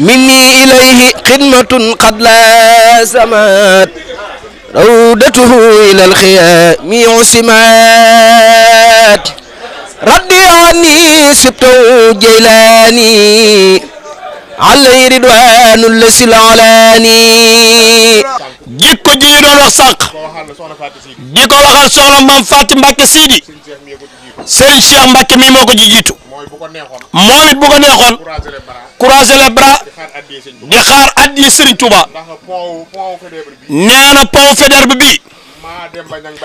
مني إليه خدمة قد لا سمات رودته إلى الخيام عسمات ردي عني سبته جيلاني علي رضوان الذي العلاني jikko ji doon wax sànq di ko waxal soxna Maam Faati Mbàkke Sidi Serigne Cheikh Mbacke mi moo ko ji jiitu moom bu ko neexoon croiser les bras di xaar addi Serigne Touba nee na pont Faidherbe bi maa dem ba ñang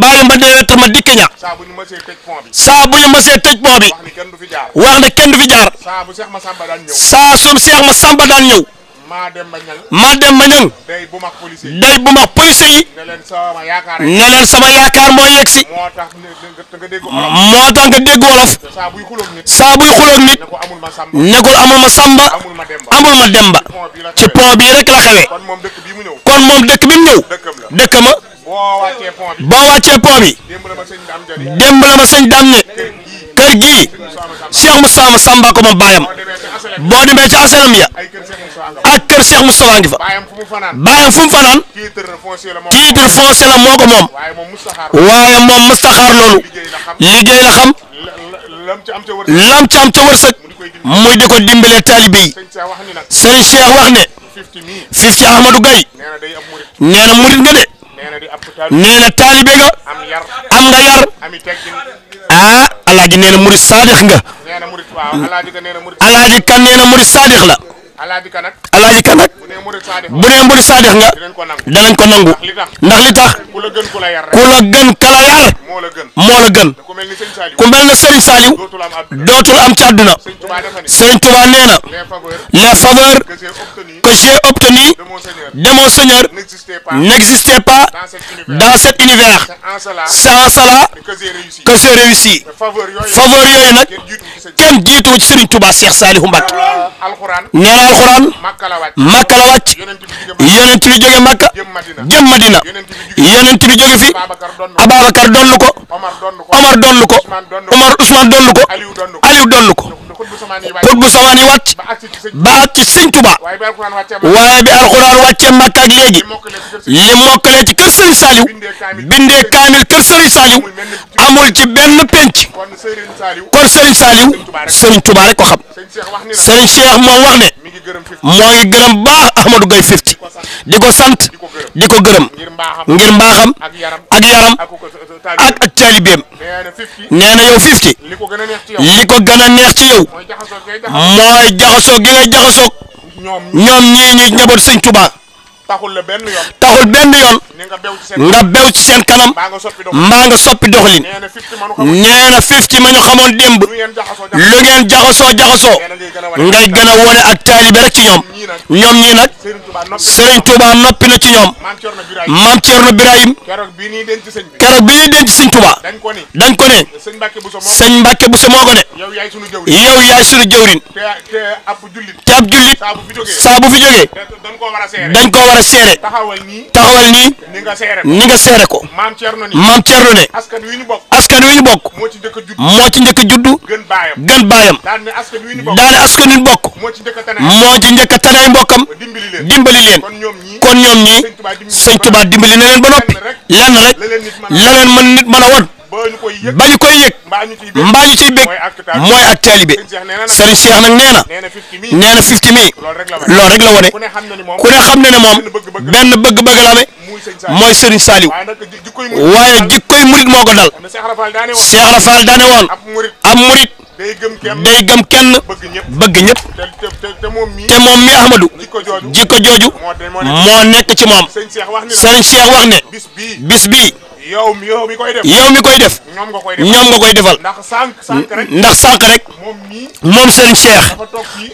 bàyyi ma déwétal ma dikk ña saa bu ñu see tëj pont bi saa bu ñu mësee wax ne kenn du fi jaar saa su ma samba daan ñëw maa dem ba ñang day bu max police yi ne leen sama yaakaar mooy yegg si moo tax nga dégg wolof saa buy xuloog nit nekkul amul ma samba amul ma demba ci pont bii rek la xewee kon moom dëkk bi mu ñëw dëkkam la boo wàccee pont bi démb la ma sëñ dam ne kër gii Cheikh Moustapha Samba ko moom baayam boo demee ci asalam ya ay kër Cheikh Moustapha ngi fa bàyyam fu mu fanaan titre foncier la moo ko moom waaye moom mustaxaar loolu liggéey la xam lam ci am ca wërsëg muy di ko dimbalee taalibe yi sëñ Cheikh wax ne fifty Ahmadou Gaye nee na murit nga de nee na taalibe nga am nga yar ah alaaji nee na murit saadix nga alaaji kan nee na murit saadix la alaaji ka nag bu ne murid saadix nga danañ ko nangu ndax li tax ku la gën kala yar moo la gën ku mel ne Serigne Saliou dootul am ci àdduna Serigne Touba nee na les faveurs que j'ai de mon Seigneur n'existaient pas dans cet univers c'est en cela que j'ai réussi faveur yooyu nag kenn jiitu ci Serigne Touba Cheikh Saliou Mbacké nee na alxuraan màkka la wàcc yonent bi jóge màkka jëm madina yonent bi jóge fi Ababacar donn ko Omar donn ko Omar donn ko Ousmane ko Aliou donn ko. xut bu samaan yi wàcc ba ak ci sëñ Tuba waaye bi alxuraan wàccee Makka ak léegi li mokkale ci kër Serigne Saliou bindee kaamil kër Serigne Saliou amul ci benn penc kon Serigne Saliou Serigne Tuba rek ko xam Serigne Cheikh moom wax ne moo ngi gërëm baax Ahmadou Gaye Fifty di ko sant di ko gërëm ngir mbaaxam ak yaram ak ak taalibeem nee na yow fifty li ko gën a neex ci yow mooy jaxasoo gi ngay jaxasoog ñoom ñii ñi njaboot sëñ Tuubaa taxul la benn yoon taxul benn yoon nga bew ci seen kanam maa nga soppi doxalin nee na fif ci ma ñu xamoon démb lu ngeen jaxasoo ngay gën a wone ak taalibe rek ci ñoom ñoom ñii nag Serigne noppi na ci ñoom maam Thierno Birahim keroog bi ñuy denc Serigne Touba dañ ko ne sëñ Mbacke Bousso moo ko yaay sunu jëwrin te ab jullit saa bu fi dañ ko war a nga seere taxawal nii ni nga seere ko maam Thierno ne askan wi ñu bokk moo ci njëkk juddu gën baayam daane askan wi ñu bokk moo ci njëkk a tanay mbokkam dimbali leen kon ñoom ñii sëñ Tuubaa dimbali na leen ba noppi lenn rek la leen mën nit mën a won ba ñu koy yëg mbaa ñu ciy bég mooy ak taalibe sëriñ Cheikh nag nee na nee na fifty mi loolu rek la wone xam na moom benn bëgg-bëgg la amee mooy sëriñ Saliou waaye jikkoy murit moo ko dal Cheikh Rafal daane woon ab murit day gëm kenn bëgg ñëpp te moom mi Ahmadou jikko jooju moo nekk ci moom sëriñ Cheikh wax ne bis bi yow mi koy def yow mi koy def ñoom nga koy defal ndax sànq rek moom sëriñ Cheikh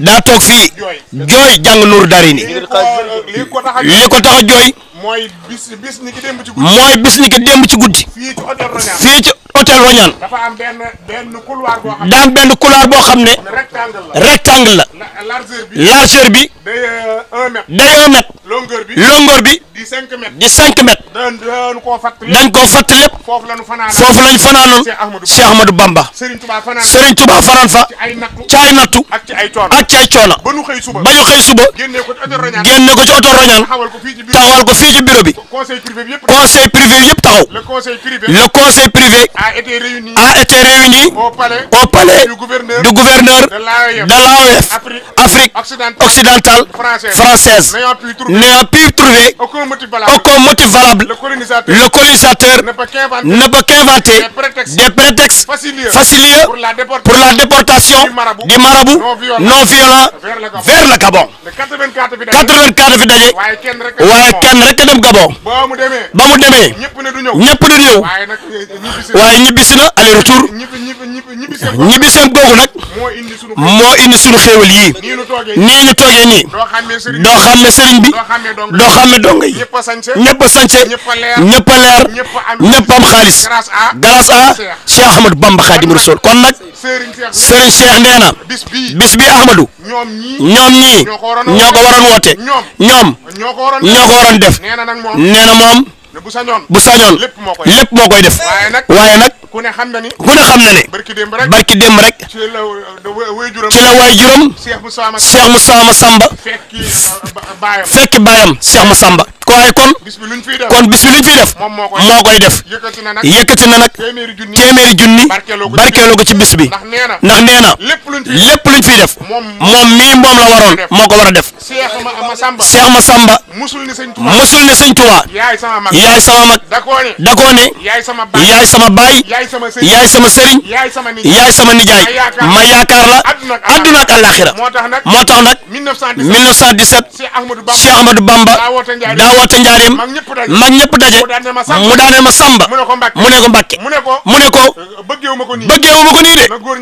daa toog fii jooy jàng Nuuru Daarayni li ko tax a jooy. mooy bis bis ni ki ci guddi. mooy bis ni ki Roñaan benn benn boo xam ne. daan benn couloir boo xam ne. rectangle la rectangle la. largeur bi bi. day 1 euh, mètre. day 1 bi longueur bi. di 5 mètres dañ koo fatt lépp foofu la ñu fanaanoon foofu la ñu fanaanoon. Cheikh Ahmadou Bamba. Serigne Touba fanaan Serigne Touba fanaan fa. ci nattu ci ay nattu. xëy suba ba ko ci oto Roñaan génne ko ko fii fii ci bureau bi conseil privé bi yëpp conseil privé yëpp taxaw le conseil privé le conseil a été réuni a été réuni au palais du gouverneur de l'AOF Afrique, occidentale, française, française n'ayant pu trouver, pu trouver motif valable, aucun motif valable le colonisateur, le colonisateur ne peut qu'inventer qu des prétextes, des prétextes facilieux, facilieux pour, la pour la déportation du marabout, du marabout non, violent, non violent vers le Gabon, vers le Gabon. 84 fi daje waaye kenn rek njëkk a dem Gabon ba mu demee ñëpp ne du ñëw waaye eh, eh, ñibbisi na aller retour ñibbiseen googu nag moo indi suñu xéewal yii nii ñu toogee nii doo xam xàmme sëriñ bi doo xàmme donga yi ñëpp a sañse ñëpp a leer ñëpp am xaalis grâce à Cheikh Ahmadou Bamba Khadim Rassoul kon nag sëriñ Cheikh nee na bis bi Ahmadou ñoom ñii ñoo ko waroon woote ñoom ñoo ko waroon def nee na nag moom nee na moom. bu sañoon bu sañoon lépp moo koy def waaye nag ku ne xam na ni barki démb rek ci la waajuram Cheikh Moussa Massamba uh, fekki baayam Cheikh Moussa Massamba ko waaye kon kon bis bi luñ fiy def moo koy def yëkkati na nag téeméeri junni barkeeloo ko ci bis bi ndax nee na lépp luñ fiy def moom mii moom la waroon moo ko war a def Cheikh Massamba musul ni sëñ Tuubaa yaay sama mag yaay sama mag da koo ne yaay sama baay yaay sama sëriñ yaay sama nijaay ma yaakaar la adduna ak alaxira moo tax nag 1917 Cheikh Ahmadou Bamba daa woote njaareem mag ñëpp daje mu daane ma samba mu ne ko mbàkke mu ne ko bëggeewuma ko nii de na góor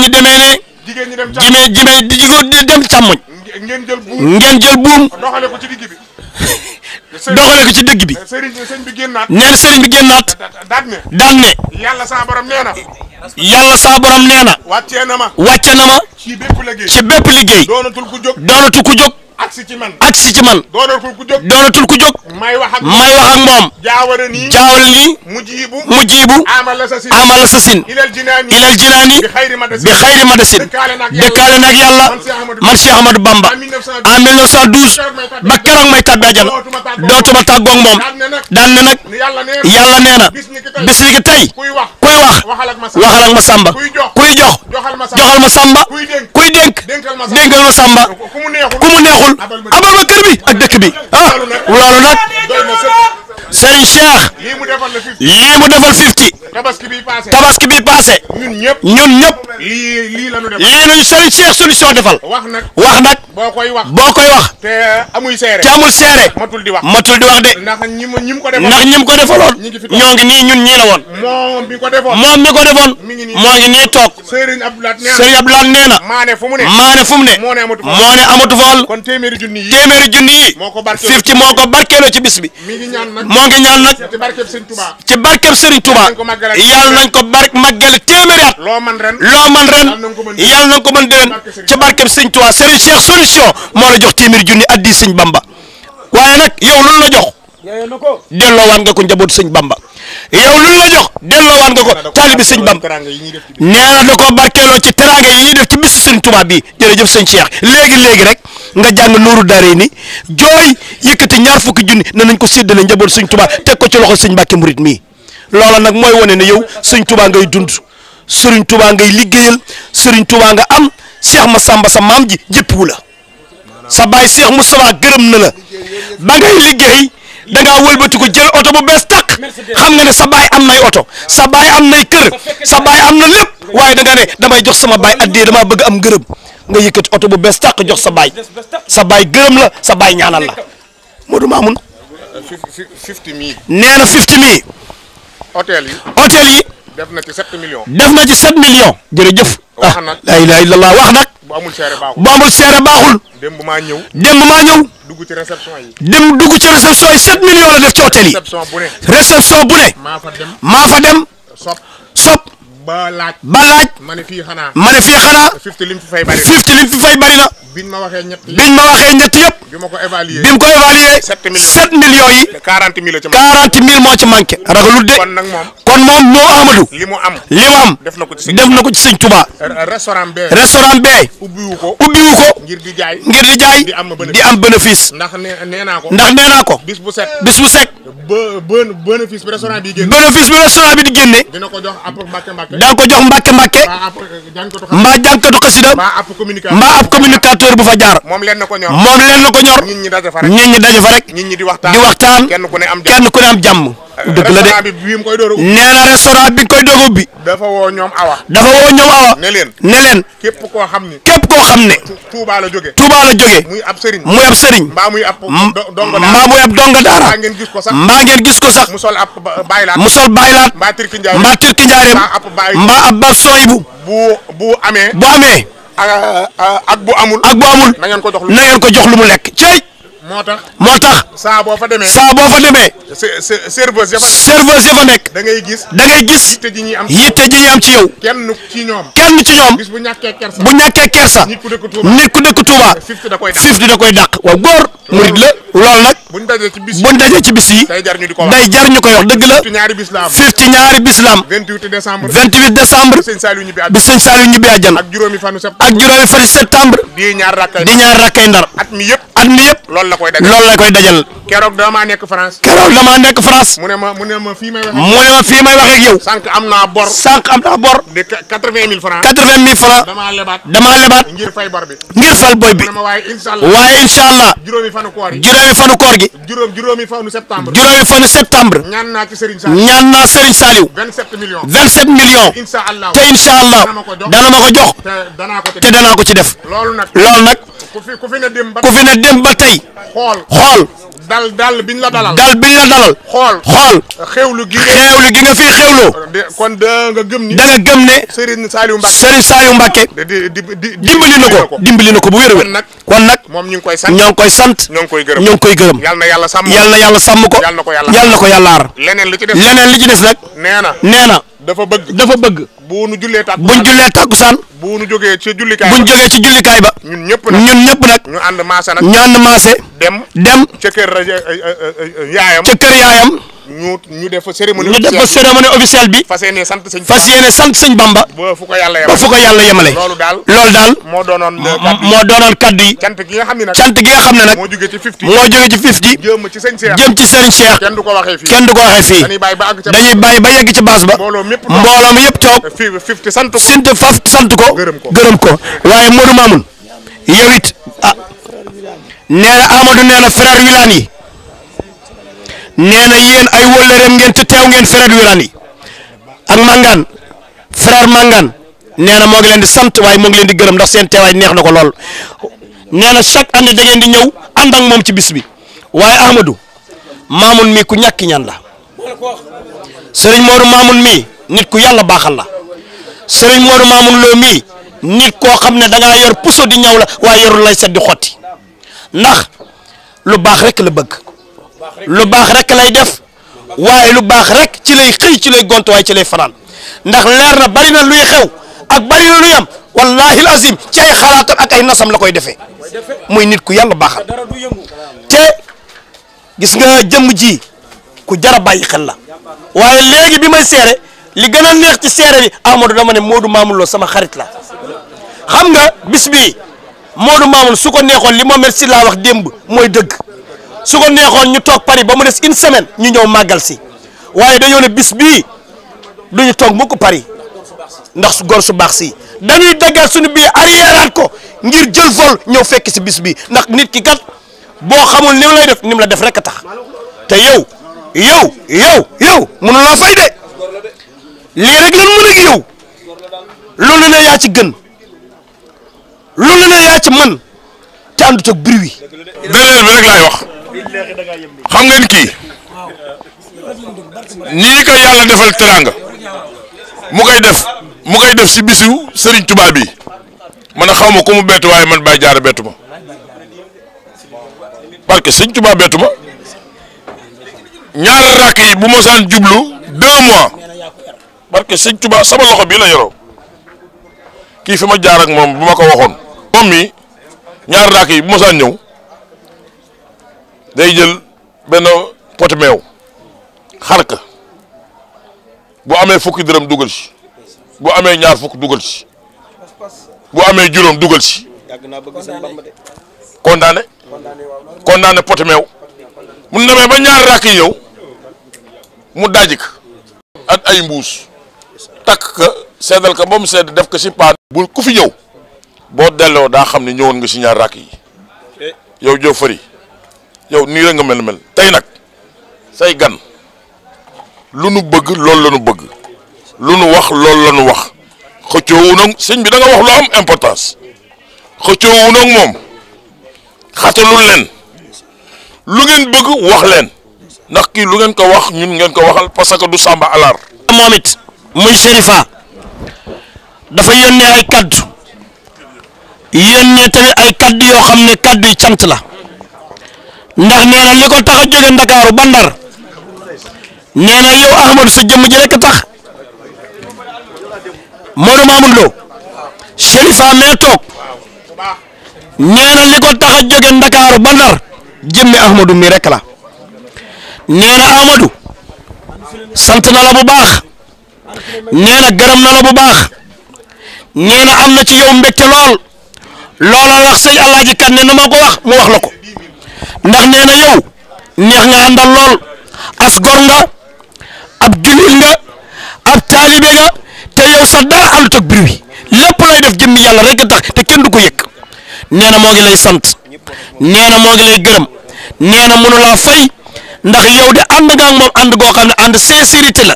ñi demee ne jimee jimee di jigéen dem càmmoñ ngeen jël buum doxale ko ci digg bi doxale ko ci dëgg bi nee na sëriñ bi génnaat daan ne yàlla saa borom nee na yàlla saa borom nee na wàccee na ma wàccee na ma ci bépp liggéey doonatul ku jóg doonatul ku jóg. agsi ci man agsi ci man. doonatul ku jóg doonatul ku jóg. may wax ak moom jaawale nii jaawale nii. mu mu jiibu. amal la sa sin amal sa sin. ilal jinaani ilal jinaani. bi xayri madasin bi xayri madasin. dëkkaale nag yàlla man Cheikh Ahmadou Bamba. en 1912 ba keroog may tàbbi àjjana dootuma tàggoog moom daan na nag yàlla nee na bis ni ki tey. kuy wax waxal ak ma samba kuy jox joxal ma samba kuy dénk dénkal ma samba ku mu neexul abal ma kër bi ak dëkk bi ah loolu nag Serigne Cheikh. lii mu defal la fifty. lii mu defal fifty. tabaski bi paase. tabaski bi paase. ñun ñëpp ñun ñëpp. lii nag wax nag. boo koy wax boo koy wax. te eh, amul seere te amul wax matul di wax de. ndax ko defaloon ndax ñi ko defaloon. ñoo ngi nii ñun ñii la moom mi ko defoon moom mi ko defoon. mi ngi nii moo ngi nii toog. Serigne Abdoulaye nee na Serigne ne fu mu ne junni yi téeméeri junni yi. moo ko barkeeloo fifty bi. noo ñaan nag ci barkeb Serigne Touba ci barkeb Serigne Touba yàlla nañ ko bark màggale téeméeri at loo man ren yàlla nañ ko mën déwén ci barkeb Serigne Touba Serigne Cheikh solution moo la jox téeméeri junni addi Serigne Bamba waaye nag yow lu la jox delloowaat nga ko njaboot sëñ Bamba yow lu ñu la jox delloowaat nga ko taalibi sëñ Bamba nee na da koo barkeeloo ci teraanga yi ñuy def ci bis sëñ Tuubaa bi jërëjëf sëñ Cheikh léegi léegi rek nga jàng nooru daare ni jooy yëkkati ñaar fukki junni ne nañ ko séddale njaboot sëñ Tuubaa teg ko ci loxo sëñ Mbàkke murit mii loola nag mooy wane ne yow sëñ Tuubaa ngay dund sëriñ Tuubaa ngay liggéeyal sëriñ Tuubaa nga am Seex Masamba sa maam ji jëppiwu la sa baay Seex Mustafaa gërëm na la ba liggéey da ngaa wëlbati ko jël oto bu bees tàq xam nga ne sa baay am nay oto sa baay am nay kër sa baay am na lépp waaye da nga ne damay jox sama baay addee damaa bëgg am gërëm nga yëkkati oto bu bees tàq jox sa baay sa baay gërëm la sa baay ñaanal la Modou Mamoun. Euh, nee na fifty mille. hôtel yi. hôtel yi. def na ci sept millions. def na ci sept millions. jërëjëf. wax nag ah laa ilaaha illallaah wax nag. bu seere baaxul bu amul seere baaxul. démb maa ñëw. maa ñëw. dugg ci réception yi. démb dugg sept millions la def ci hôtel yi. réception bu ne. réception bu ne. maa fa dem maa fa dem. sop sop. ba laaj ba laaj. ma ne fii xanaa ma ne xanaa. fifty lim fi fay bari na biñ ma waxee ñett yëpp biñ ma waxee ñett yëpp. bi ma ko évaluer bi ma ko évaluer. 7 millions 7 millions yi. 40 mille ci manqué 40 mille moo ci manqué. ragalul de kon nag moom kon moom moo Amadou. li mu am li mu am. def na ko ci sëñ Touba restaurant bee. restaurant bee. ubbiwu ko ubbiwu ko. ngir di jaay ngir di jaay. di am bénéfice di am bénéfice. ndax nee naa ko ndax nee naa ko. bis bu set bis bu set. bë bénéfice bi restaurant bi génne. bénéfice bi restaurant bi di génne. dina ko jox àpp mbàkke mbàkke. daan ko jox mbàkke mbàkke. mbaa jànkatu xasida mbaa ab communicateur cër bu moom leen na ko ñor moom leen na ko ñor nit ñi daje fa rek nit ñi daje fa rek nit di waxtaan kenn ku ne am kenn euh, dëgg la de nee na restaurant bi koy doog ubbi dafa dafa woo ñoom awa ne leen ne leen képp koo xam ne képp koo xam ne Touba la jóge Touba la jóge muy ab sëriñ muy ab sëriñ mbaa muy ab donga mbaa muy ab donga daara mbaa ngeen gis ko sax mbaa ngeen gis ko sax mu sol ab baylaat mu sol baylaat mbaa tirki njaareem mbaa ab basoy bu bu amee bu amee ak bu amul. ak bu amul na ngeen ko jox lu mu lekk ceey moo tax moo tax. saa boo fa demee saa boo demee. serveuse ya fa nekk serveuse da ngay gis da ngay gis. yitte ji ñuy am yitte ji ci yow. kenn ci ñoom kenn ci ñoom. bis bu ñàkkee kersa bu ñàkkee kersa. nit ku dëkk Touba nit ku dëkk Touba. fifti da koy dàq fifti da koy dàq waaw góor. murid la loolu nag. buñ dajee ci bis yi buñ dajee ci bis yi. day jar ñu koy dëgg la. fifti ñaari bis la am fifti bi sëñ Saliou ñibbi bi sëñ ak juróomi fanu septembre septembre. di ñaar rakkay ndar at mi yëpp at loolu la koy dajal loolu la koy dajal. keroog damaa nekk France. mu ne ma fii ma fii may wax am naa bor. sànq am naa bor. de vingt mille franc. damaa lebaat. ngir fay boy bi. waaye incha allah fanu koor gi. juróomi fanu septembre. ñaan naa ci Serigne vingt sept millions. te incha dana ma ko jox. te danaa ko ci def te nag ku fi ne dem ba tey xool dal bin biñ la dalal. dal biñ la dalal. xool xool. xewlu gi xewlu gi nga fi xewloo. kon da nga gëm ni. da nga gëm ne. Serigne Saliou Mbacke Serigne Saliou Mbacke. dimbali na ko dimbali na ko bu wér a wér. kon nag moom ñu ngi koy sant ñoo ngi koy sant. ñoo ngi koy gërëm ñoo ngi koy gërëm. yal na yàlla sàmm ko yal na yàlla sàmm ko. yal na ko yàlla aar leneen li ci des nag. nee na dafa bëgg dafa bëgg. bu nu jullee tàkkusaan buñ jullee tàkkusaan bu nu jógee ci jullikaay buñ ba ñun ñëpp nag ñëpp nag ñu ànd maase nag dem dem ca kër eh, eh, eh, yaayam ca kër yaayam ñu def fa cérémonie ñu fa cérémonie sant sëñ fas yéene sant sëñ Bamba ba fu ko yemale ba daal moo doonoon moo doonoon kaddu yi cant gi nga xam ne nag cant moo jógee ci fifty jëm ci sëñ Cheikh kenn du ko waxee fii kenn du ba yegg ci baas ba mbooloo mi yëpp toog fifty sant ko sant sant ko gërëm ko waaye Modou Mamoun yow it ah nee na Amadou nee na frère yéen ay wëllëreem ngeen te teew ngeen frère Wilane yi ak Mangane frère Mangane nee na moo ngi leen di sant waaye moo ngi leen di gërëm ndax seen teewaay neex na ko lool nee na chaque année da di ñëw ànd ak moom ci bis bi waaye Amadou Mamoun mi ku ñàkki ñaan la Serigne Modou Mamoun mi nit ku yàlla baaxal la. sëriñ Modou Mamoun Lo mii nit koo xam ne da ngaa yor puso di ñaw la waaye yorul lay set di xotti ndax lu baax rek la bëgg lu baax rek lay def waaye lu baax rek ci lay xëy ci lay gont waaye ci lay fanaan ndax leer na bari na luy xew ak bari na luy am wallahi azim ci ay xalaatam ak ay nasam la koy defee muy nit ku yàlla baaxal te gis nga jëmm ji ku jara bàyyi xel la waaye léegi bi may seere li gën a neex ci seere bi Amadou dama ne Modou Mamoun Lo sama xarit la xam nga bis bii Modou Mamoun su ko neexoon li Mohamed si laa wax démb mooy dëgg su ko neexoon ñu toog Paris ba mu des une semaine ñu ñëw màggal si waaye dañoo ne bis bii du ñu toog mukk pari ndax gor su baax si dañuy daggal suñu biir arriéraat ko ngir jël vol ñëw fekk si bis bii ndax nit ki kat boo xamul ni lay def ni la def rek a tax te yow yow yow yow mënu laa fay de. lii rek lan mën ak yow loolu ne yaa ci gën loolu ne yaa ci mën te àndut ak bruit. beneen bi rek laay wax xam ngeen kii nii ko yàlla defal teraanga mu koy def mu koy def si bisu sëriñ Touba bi man a xaw ma ku mu bett waaye man Baye Diarra bettu ma parce que Serigne Touba bettu ma ñaari rakk yi bu ma jublu deux mois. barke sëñ Tuubaa sama loxo bii la yoroo kii fi ma jaarak moom bu ma ko waxoon. moom mi ñaar raak yi bu ma saa ñëw day jël benn pot meew xar ka bu amee fukki dërëm dugal si bu amee ñaar fukk dugal si bu amee juróom dugal si kondaane kondaane pot meew mu demee ba ñaar raak yi ñëw mu daajik ak ay mbuus. takk ka seddal ka ba mu sedd def ko si paan bu ku fi ñëw boo delloo daa xam ne ñëwoon nga si ñaar rakk yi yow joo fëri yow nii la nga mel mel tey nag say gan lu nu bëgg loolu la nu bëgg lu nu wax loolu la nu wax xëccoowu nag sëñ bi da nga wax lu am importance xëccoowu nag moom xatalul leen lu ngeen bëgg wax leen ndax kii lu ngeen ko wax ñun ngeen ko waxal parce que du sàmba alaar moom it muy Serifa dafa yónnee ay kaddu yónnee tamit ay kaddu yoo xam ne kaddu yi la ndax nee na li ko tax a jóge Ndakaaru ba Ndar nee na Ahmadu sa jëmm ji rekk tax Maodo Mamoun Lo Serifa mee toog nee na li ko tax a Ndakaaru ba Ndar jëmmi Ahmadu mi rekk la nee Ahmadu sant na la bu baax. nee na gërëm na la bu baax nee na am na ci yow mbégte lool loola wax sëñ Alaaji Kan ne na ma ko wax mu wax la ko ndax nee na neex nga àndal lool as gor nga ab jullit nga ab taalibe nga te yow sax dara àndut ak bruit lépp lay def jëmmi yàlla rek a tax te kenn du ko yëg nee na lay sant nee na moo ngi lay gërëm nee na laa fay ndax yow de ànd nga ak moom ànd goo xam ne ànd sincérité la.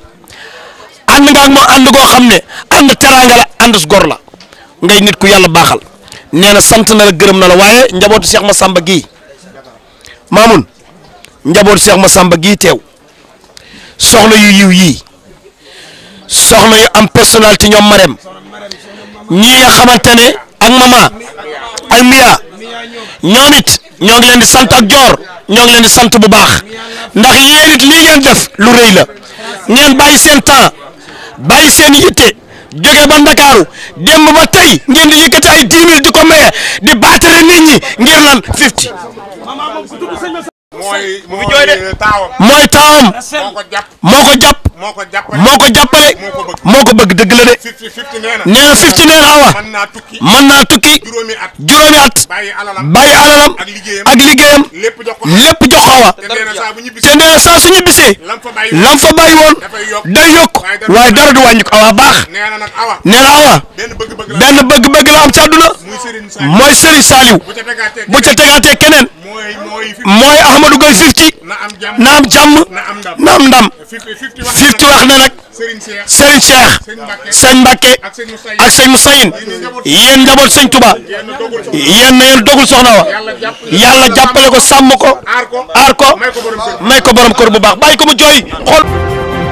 ànd nga ak moom ànd goo xam ne ànd teraanga la ànd gor la ngay nit ku yàlla baaxal nee na sant nala gërëm na la waaye njabootu Cheikh samba gii Mamoun njabootu Cheikh Massamba gii teew soxna yu yiw yii soxna yu am personnalité ñoom Marème ñii nga xamante ne ak mama ay miya ñoom it ñoo ngi leen di sant ak joor ñoo ngi leen di sant bu baax ndax yéen it lii ngeen def lu rëy la ngeen bàyyi seen bàyyi seen yitte jóge ba ndakaaru démb ba tey ngeen di yëkkati ay 10 000 di ko maye di baatare nit ñi ngir mooy mu fi jooy de mooy taawam moo ko jàpp moo ko jàppale moo ko bëgg dëgg la de nee na fifty nee awa mën naa tukki juróomi at bàyyi alalam ak liggéeyam lépp jox awa te nee na saa su ñibbisee lam fa bàyyi woon day yokk waaye dara du wàññi ko awa baax nee na awa benn bëgg-bëgg la am ci àdduna mooy Serigne Saliou bu ca tegaatee keneen mooy Ahmadou Gueye Fifty na am jàmm na am ndam Fifty wax na nag Serigne Cheikh Sëñ Mbacke ak Sëñ Moussaïn yéen njaboot Sëñ Touba yéen na yéen dogul soxna wa yàlla jàppale ko sàmm ko aar ko may ko borom kor bu baax bàyyi ko mu jooy xool.